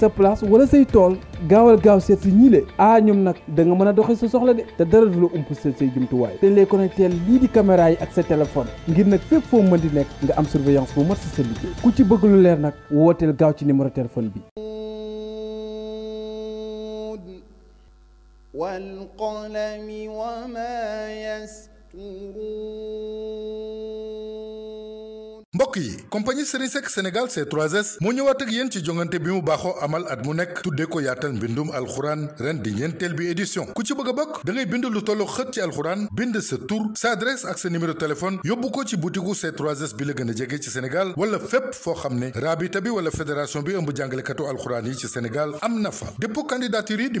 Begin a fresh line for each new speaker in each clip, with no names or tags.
sa place wala say tool gaawal gaaw seet si ñiile ah nag da mën a doxee sa soxla de te dara du la ump sa say jumtuwaay te ñu lay connecté lii di caméra yi ak sa téléphone ngir nag fépp foo mën di nekk nga am surveillance bu mat si sa liggéey ku ci bëgg lu leer nag wooteel gaaw ci numéro téléphone bi. yi compagnie Serigne Seck Sénégal C3S moo ñëwaat ak yéen ci jongante bi mu baaxoo amal at mu nekk tuddee ko yaatal mbindum alxuraan ren di ñeenteel bi édition ku ci bëgg a bokk da bind lu tollu xët ci alxuraan bind sa tur sa adresse ak sa numéro téléphone yóbbu ko ci butigu c 3 bi la gën a jege ci Sénégal wala fépp foo xam ne raabita bi wala fédération bi ëmb jàngalekatu alxuraan yi ci Sénégal am na fa dépôt candidature yi di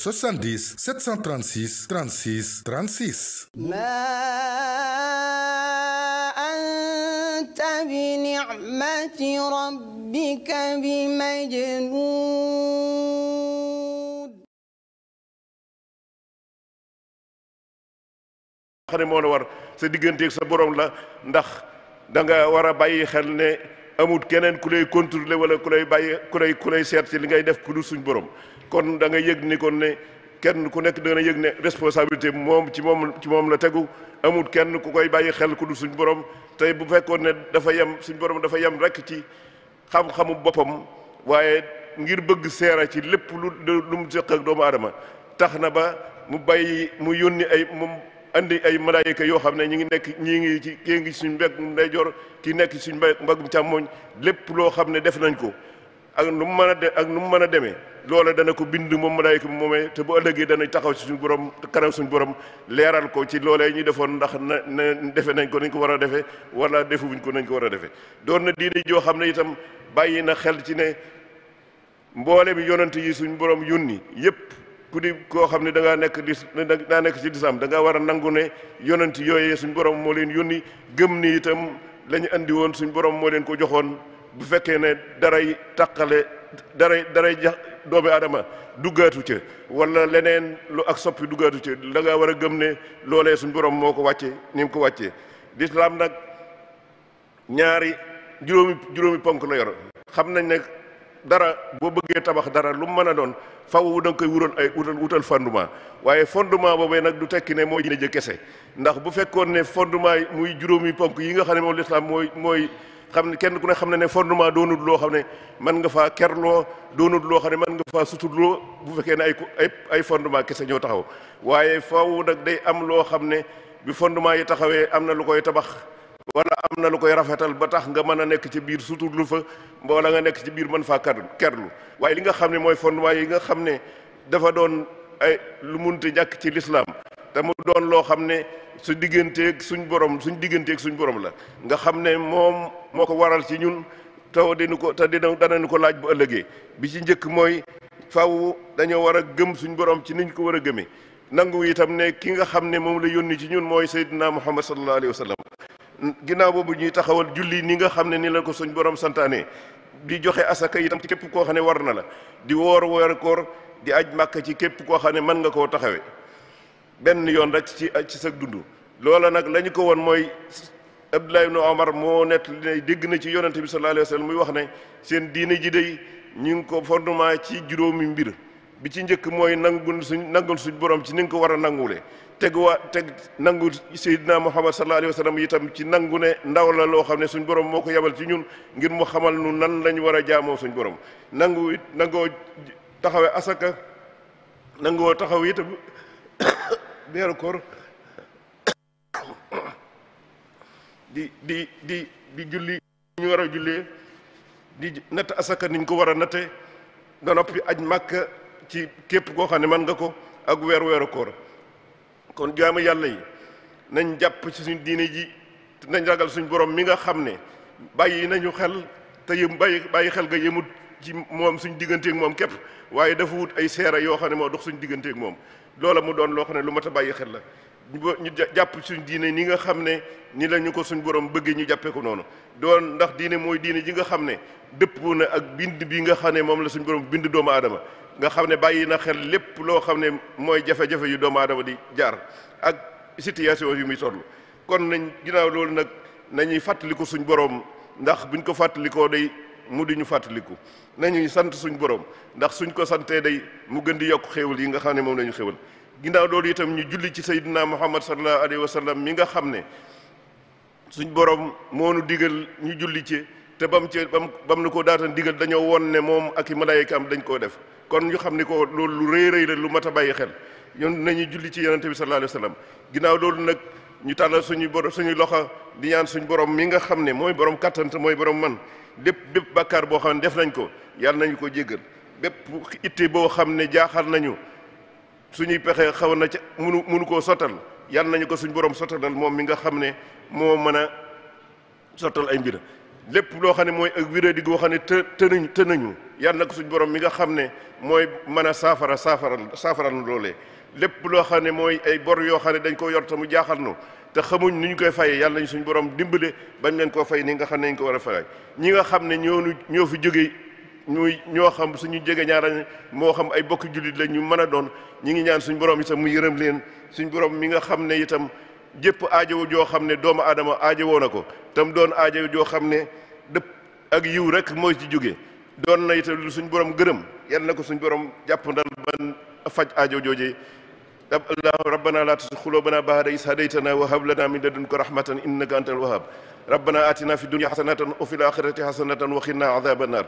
70 736 36 36. xam
ne moo la war sa digganteeg sa borom la ndax da war a bàyyi xel amut keneen ku lay contrôler wala ku lay bàyyi ku lay ku lay seet ci li ngay def ku du suñ borom kon da nga yëg ni kon ne kenn ku nekk da yëg ne responsabilité moom ci moom ci moom la tegu amut kenn ku koy bàyyi xel ku du suñ borom tey bu fekkoon ne dafa yem suñ borom dafa yem rek ci xam-xamu boppam waaye ngir bëgg seera ci lépp lu lu mu seq doomu aadama tax na ba mu bàyyi mu yónni ay moom andi ay malaayika yoo xam ne ñu ngi nekk ñii ngi ci kii ngi suñ mbéggum ndeyjoor kii nekk suñ mbéggum càmmooñ lépp loo xam ne def nañ ko ak nu mu mën a de ak nu mu mën a demee loola dana ko bind moom malaayika bi moomee te bu ëllëgee dana taxaw ci suñu borom kanam suñu borom leeral ko ci loolee ñu defoon ndax na na defe nañ ko nañ ko war a defee wala defuwuñ ko nañ ko war a defee doon na diine joo xam ne itam bàyyi na xel ci ne mboole bi yonent yi suñu borom yónni yépp ku di koo xam ne da ngaa nekk di daa nekk ci lislaam da ngaa war a nangu ne yonent yooyee suñ borom moo leen yónni gëm ni itam la ñu andi woon suñ borom moo leen ko joxoon bu fekkee ne daray taqale daray daray jax doomi aadama duggaatu ca wala leneen lu ak soppi duggaatu ca da ngaa war a gëm ne loolee suñ borom moo ko wàcce ni mu ko wàccee dislaam nag ñaari juróomi juróomi ponk la yor xam nañ ne dara boo bëggee tabax dara lu mën a doon faaw da nga koy wural ay wutal wutal fondement waaye fondement boobee nag du tekki ne mooy diine jë kese ndax bu fekkoon ne fondement yi muy juróomi ponk yi nga xam ne moom lislaam mooy mooy xam ne kenn ku ne xam ne ne fondement doonut loo xam ne mën nga faa loo doonut loo xam ne mën nga faa suturloo bu fekkee ne ay ay ay fondement kese ñoo taxaw waaye faaw nag day am loo xam ne bi fondement yi taxawee am na lu koy tabax wala am na lu koy rafetal ba tax nga mën a nekk ci biir suturlu fa wala nga nekk ci biir mën faa kerlu kerlu waaye li nga xam ne mooy fondement yi nga xam ne dafa doon ay lu munti ñàkk ci lislaam te mu doon loo xam ne su digganteeg suñ borom suñ digganteeg suñ borom la nga xam ne moom moo ko waral ci ñun taw dinu ko te dina danañu ko laaj bu ëllëgee bi ci njëkk mooy faw dañoo war a gëm suñ borom ci niñ ko war a gëmee nangu itam ne ki nga xam ne moom la yónni ci ñun mooy Seydina Muhammad sallallahu alayhi wa sallam ginnaaw boobu ñuy taxawal julli ni nga xam ne ni la ko suñ borom santaane di joxe asaka itam ci képp koo xam ne war na la di woor woor koor di aj màkk ci képp koo xam ne mën nga koo taxawe benn yoon rek ci ci sa dund loola nag la ko woon mooy Abdullah ibn Omar moo nett ne dégg na ci yonente bi sallallahu alayhi wa muy wax ne seen diine ji day ñu ngi ko fondement ci juróomi mbir bi ci njëkk mooy nangul suñ nangul suñ borom ci ni ko war a nangule teguwaa teg nangu Seydina Muhammad sallallahu alayhi wa sallam itam ci nangu ne ndaw la loo xam ne suñ borom moo ko yabal ci ñun ngir mu xamal nu nan lañ war a jaamoo suñ borom nangu it nangoo taxawe asaka nangoo taxaw itam beeru koor di di di julli ñu war a jullee di natt asaka niñ ko war a natte nga noppi aj màkka ci képp koo xam ne man nga ko ak weer weeru koor kon jaamu yàlla yi nañ jàpp ci suñ diine ji nañ ragal suñ borom mi nga xam ne bàyyi nañu xel te yëm bàyyi bàyyi xel nga yëmut ci moom suñ digganteeg moom képp waaye dafa wut ay seera yoo xam ne moo dox suñ digganteek moom loola mu doon loo xam ne lu mat a bàyyi xel la ñu jàpp suñ diine ni nga xam ne ni la ñu ko suñ borom bëggee ñu jàppee ko noonu doon ndax diine mooy diine ji nga xam ne dëppoo na ak bind bi nga xam ne moom la suñ borom bind doomu aadama nga xam ne bàyyi na xel lépp loo xam ne mooy jafe-jafe yu doomu aadama di jaar ak situation yu muy sonn kon nañ ginaaw loolu nag nañuy fàttaliku suñ borom ndax buñ ko fàttalikoo day mu di ñu fàttaliku nañuy sant suñ borom ndax suñ ko santee day mu gën di yokk xéewal yi nga xam ne moom lañu xéewal ginnaaw loolu itam ñu julli ci sayyidina muhammad sallallahu alayhi wa sallam mi nga xam ne suñ borom moo nu digal ñu julli ci te bam ci bam bam nu ko daatan digal dañoo woon ne moom ak i malaayikaam dañ koo def kon ñu xam ni ko loolu lu rëy rëy la lu mat a bàyyi xel ñun nañu julli ci yenente bi sallallahu alayhi wa ginnaaw loolu nag ñu tàllal suñu borom suñu loxo di ñaan suñu borom mi nga xam ne mooy borom kattan mooy borom man lépp bépp bàkkaar boo xam ne def nañ ko yàlla nañu ko jéggal bépp itte boo xam ne jaaxal nañu suñuy pexe xaw na ca munu munu koo sottal yàlla nañu ko suñu borom sottalal moom mi nga xam ne moo mën a sottal ay mbir lépp loo xam ne mooy ak wéradi goo xam ne të tënañ nañu yàlla nag suñ boroom mi nga xam ne mooy mën a saafara saafaral saafaral nu loolee lépp loo xam ne mooy ay bor yoo xam ne dañ ko yor te mu jaaxal nu te xamuñ ni ñu koy fayee yàlla nañ suñ borom dimbale bañ leen koo fay ni nga xam ne ñu ko war a fay ñi nga xam ne ñoonu ñoo fi jóge ñuy ñoo xam suñu jege ñaara moo xam ay bokki jullit la ñu mën a doon ñi ngi ñaan suñ borom itam mu yërëm leen suñ borom mi nga xam ne itam jëpp aajo joo xam ne doomu aadama aajowoo na ko tam doon aajo joo xam ne dëpp ak yiw rek mooy ci jóge doon nay itam lu suñ borom gërëm yal na ko suñ borom jàpp ndal ban faj aajow jooje allah rabbana la tusi xuloo bana bahada is hadaytana wa hab lana min ladunka rahmatan innaka antal wahab ربنا آتنا في الدنيا حسنة وفي الآخرة حسنة وقنا عذاب النار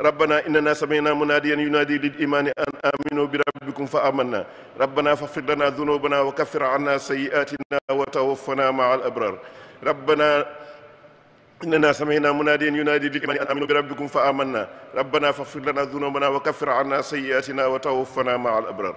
ربنا إننا سمعنا مناديا ينادي للإيمان أن آمنوا بربكم فآمنا ربنا فاغفر لنا ذنوبنا وكفر عنا سيئاتنا وتوفنا مع الأبرار ربنا إننا سمعنا مناديا ينادي للإيمان أن آمنوا بربكم فآمنا ربنا فاغفر لنا ذنوبنا وكفر عنا سيئاتنا وتوفنا مع الأبرار